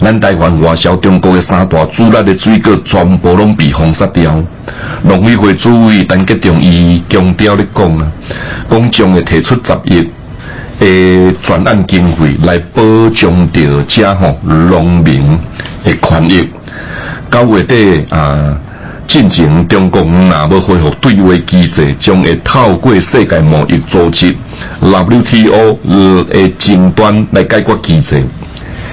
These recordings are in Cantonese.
咱台灣外銷中國嘅三大主力嘅水果，全部攏被封殺掉。農委會主委陳吉仲伊強調咧講啊，講將會提出十億誒專案經費來保障着者吼農民嘅權益。九月底啊，進行中國若無要恢復對外機制，將會透過世界貿易組織 （WTO） 誒爭端來解決機制。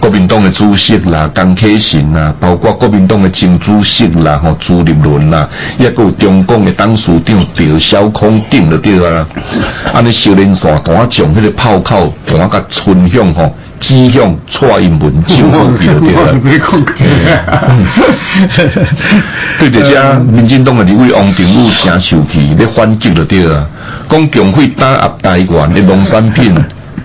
國民黨嘅主席啦，江啟臣啦，包括國民黨嘅前主席啦，吼，朱立倫啦，抑閣有中共嘅董事長趙少康頂着掉啊。安尼少林山團從迄個炮口同啊個春香吼，指向蔡英文就頂着掉啊， 對的，只民進黨的立委王定宇誠受氣，咧反擊着掉啊。講共匪打壓台灣嘅農產品。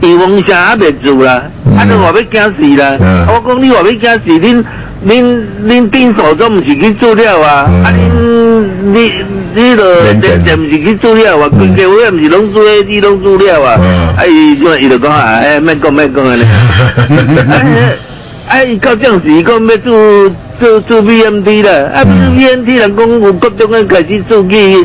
地方上也未做了，啊！你話要驚死啦，我講你話要驚死恁恁恁變數都唔是去做了啊！啊，你你你都點點唔是去做了啊？規家伙也唔是攏做，你攏做了啊？啊！伊就伊就講啊，哎，咩講咩講啊？啊！啊！伊到這時講要做做做 VMD 了。啊！做 VMD 人講有各種嘅科技做起。